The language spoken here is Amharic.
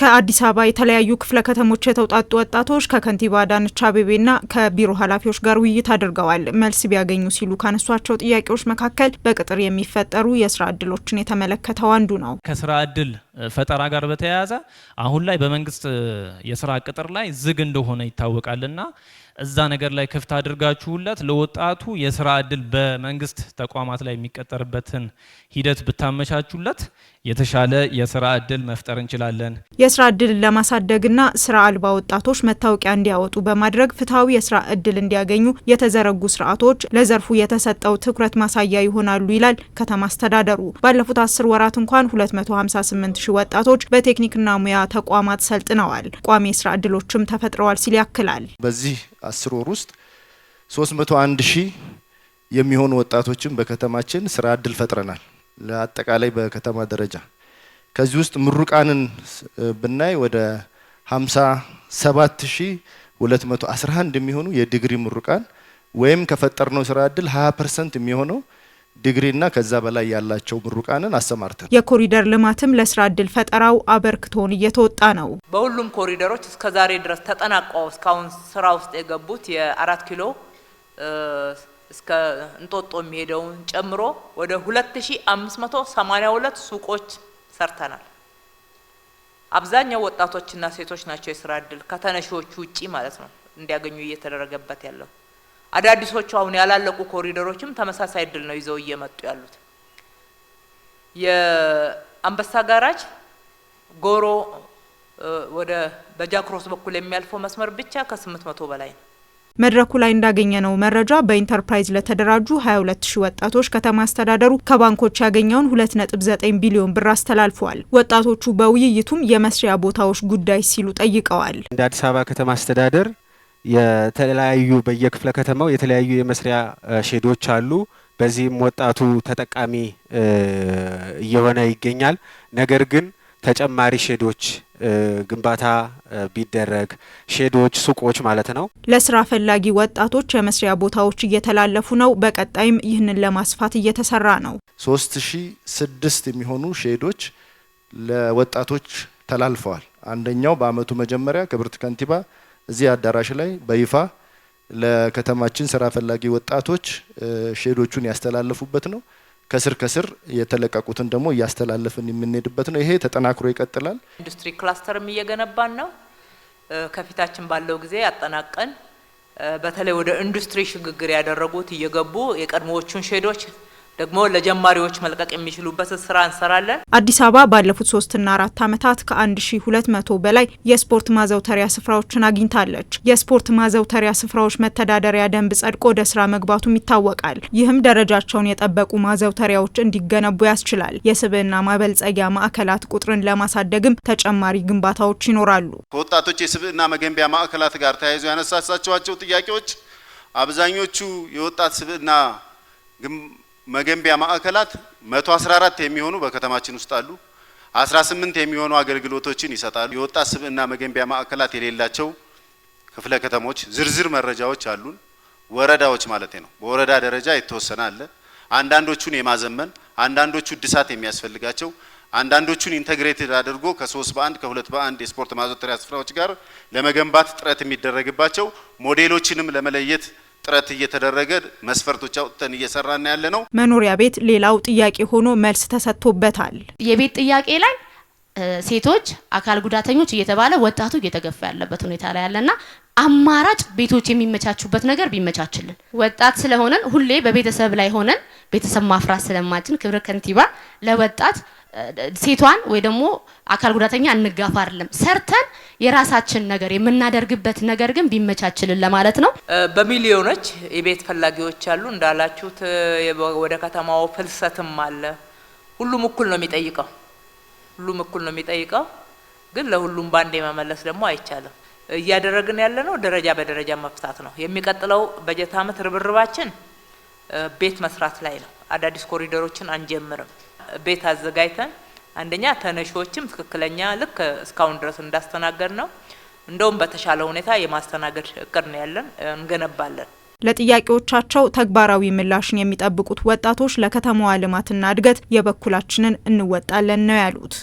ከአዲስ አበባ የተለያዩ ክፍለ ከተሞች የተውጣጡ ወጣቶች ከከንቲባ አዳነች አቤቤና ከቢሮ ኃላፊዎች ጋር ውይይት አድርገዋል። መልስ ቢያገኙ ሲሉ ካነሷቸው ጥያቄዎች መካከል በቅጥር የሚፈጠሩ የስራ እድሎችን የተመለከተው አንዱ ነው። ከስራ እድል ፈጠራ ጋር በተያያዘ አሁን ላይ በመንግስት የስራ ቅጥር ላይ ዝግ እንደሆነ ይታወቃልና እዛ ነገር ላይ ክፍት አድርጋችሁለት ለወጣቱ የስራ እድል በመንግስት ተቋማት ላይ የሚቀጠርበትን ሂደት ብታመቻቹለት የተሻለ የስራ እድል መፍጠር እንችላለን። የስራ ለማሳደግ ለማሳደግና ስራ አልባ ወጣቶች መታወቂያ እንዲያወጡ በማድረግ ፍትሐዊ የስራ እድል እንዲያገኙ የተዘረጉ ስርዓቶች ለዘርፉ የተሰጠው ትኩረት ማሳያ ይሆናሉ ይላል ከተማ አስተዳደሩ። ባለፉት አስር ወራት እንኳን 258 ሺህ ወጣቶች በቴክኒክና ሙያ ተቋማት ሰልጥነዋል፣ ቋሚ የስራ እድሎችም ተፈጥረዋል ሲል ያክላል። በዚህ አስር ወር ውስጥ 301 ሺህ የሚሆኑ ወጣቶችን በከተማችን ስራ እድል ፈጥረናል። ለአጠቃላይ በከተማ ደረጃ ከዚህ ውስጥ ምሩቃንን ብናይ ወደ 57211 የሚሆኑ የዲግሪ ምሩቃን ወይም ከፈጠርነው ስራ እድል 20 ፐርሰንት የሚሆነው ዲግሪና ከዛ በላይ ያላቸው ምሩቃንን አሰማርተን የኮሪደር ልማትም ለስራ እድል ፈጠራው አበርክቶን እየተወጣ ነው። በሁሉም ኮሪደሮች እስከ ዛሬ ድረስ ተጠናቀው እስካሁን ስራ ውስጥ የገቡት የአራት ኪሎ እስከ እንጦጦ የሚሄደውን ጨምሮ ወደ 2582 ሱቆች ሰርተናል። አብዛኛው ወጣቶችና ሴቶች ናቸው የስራ እድል ከተነሺዎቹ ውጪ ማለት ነው እንዲያገኙ እየተደረገበት ያለው አዳዲሶቹ አሁን ያላለቁ ኮሪደሮችም ተመሳሳይ እድል ነው ይዘው እየመጡ ያሉት። የአንበሳ ጋራጅ ጎሮ ወደ በጃክሮስ በኩል የሚያልፈው መስመር ብቻ ከስምንት መቶ በላይ ነው። መድረኩ ላይ እንዳገኘ ነው መረጃ በኢንተርፕራይዝ ለተደራጁ 22 ወጣቶች ከተማ አስተዳደሩ ከባንኮች ያገኘውን 2.9 ቢሊዮን ብር አስተላልፈዋል። ወጣቶቹ በውይይቱም የመስሪያ ቦታዎች ጉዳይ ሲሉ ጠይቀዋል። እንደ አዲስ አበባ ከተማ አስተዳደር የተለያዩ በየክፍለ ከተማው የተለያዩ የመስሪያ ሼዶች አሉ። በዚህም ወጣቱ ተጠቃሚ እየሆነ ይገኛል። ነገር ግን ተጨማሪ ሼዶች ግንባታ ቢደረግ ሼዶች፣ ሱቆች ማለት ነው። ለስራ ፈላጊ ወጣቶች የመስሪያ ቦታዎች እየተላለፉ ነው። በቀጣይም ይህንን ለማስፋት እየተሰራ ነው። ሶስት ሺ ስድስት የሚሆኑ ሼዶች ለወጣቶች ተላልፈዋል። አንደኛው በአመቱ መጀመሪያ ክብርት ከንቲባ እዚህ አዳራሽ ላይ በይፋ ለከተማችን ስራ ፈላጊ ወጣቶች ሼዶቹን ያስተላለፉበት ነው። ከስር ከስር የተለቀቁትን ደግሞ እያስተላለፍን የምንሄድበት ነው። ይሄ ተጠናክሮ ይቀጥላል። ኢንዱስትሪ ክላስተርም እየገነባን ነው። ከፊታችን ባለው ጊዜ አጠናቀን በተለይ ወደ ኢንዱስትሪ ሽግግር ያደረጉት እየገቡ የቀድሞዎቹን ሼዶች ደግሞ ለጀማሪዎች መልቀቅ የሚችሉበት ስራ እንሰራለን። አዲስ አበባ ባለፉት ሶስትና አራት ዓመታት ከ1200 በላይ የስፖርት ማዘውተሪያ ስፍራዎችን አግኝታለች። የስፖርት ማዘውተሪያ ስፍራዎች መተዳደሪያ ደንብ ጸድቆ ወደ ስራ መግባቱም ይታወቃል። ይህም ደረጃቸውን የጠበቁ ማዘውተሪያዎች እንዲገነቡ ያስችላል። የስብዕና ማበልጸጊያ ማዕከላት ቁጥርን ለማሳደግም ተጨማሪ ግንባታዎች ይኖራሉ። ከወጣቶች የስብዕና መገንቢያ ማዕከላት ጋር ተያይዞ ያነሳሳቸዋቸው ጥያቄዎች አብዛኞቹ የወጣት ስብዕና መገንቢያ ማዕከላት 114 የሚሆኑ በከተማችን ውስጥ አሉ። 18 የሚሆኑ አገልግሎቶችን ይሰጣሉ። የወጣት ስብዕና መገንቢያ ማዕከላት የሌላቸው ክፍለ ከተሞች ዝርዝር መረጃዎች አሉን። ወረዳዎች ማለት ነው። በወረዳ ደረጃ የተወሰነ አለ። አንዳንዶቹን የማዘመን አንዳንዶቹ እድሳት የሚያስፈልጋቸው አንዳንዶቹን ኢንተግሬትድ አድርጎ ከሶስት በአንድ ከሁለት በአንድ የስፖርት ማዘውተሪያ ስፍራዎች ጋር ለመገንባት ጥረት የሚደረግባቸው ሞዴሎችንም ለመለየት ጥረት እየተደረገ መስፈርቶች አውጥተን እየሰራን ያለ ነው። መኖሪያ ቤት ሌላው ጥያቄ ሆኖ መልስ ተሰጥቶበታል። የቤት ጥያቄ ላይ ሴቶች፣ አካል ጉዳተኞች እየተባለ ወጣቱ እየተገፋ ያለበት ሁኔታ ላይ ያለና አማራጭ ቤቶች የሚመቻቹበት ነገር ቢመቻችልን ወጣት ስለሆነን ሁሌ በቤተሰብ ላይ ሆነን ቤተሰብ ማፍራት ስለማችን ክብረ ከንቲባ ለወጣት ሴቷን ወይ ደግሞ አካል ጉዳተኛ እንጋፋ አይደለም፣ ሰርተን የራሳችን ነገር የምናደርግበት ነገር ግን ቢመቻችልን ለማለት ነው። በሚሊዮኖች የቤት ፈላጊዎች አሉ እንዳላችሁት፣ ወደ ከተማው ፍልሰትም አለ። ሁሉም እኩል ነው የሚጠይቀው፣ ሁሉም እኩል ነው የሚጠይቀው። ግን ለሁሉም ባንዴ መመለስ ደግሞ አይቻልም። እያደረግን ያለ ነው ደረጃ በደረጃ መፍታት ነው። የሚቀጥለው በጀት አመት ርብርባችን ቤት መስራት ላይ ነው። አዳዲስ ኮሪደሮችን አንጀምርም። ቤት አዘጋጅተን አንደኛ ተነሾችም ትክክለኛ ልክ እስካሁን ድረስ እንዳስተናገድ ነው እንደውም በተሻለ ሁኔታ የማስተናገድ እቅድ ነው ያለን፣ እንገነባለን። ለጥያቄዎቻቸው ተግባራዊ ምላሽን የሚጠብቁት ወጣቶች ለከተማዋ ልማትና እድገት የበኩላችንን እንወጣለን ነው ያሉት።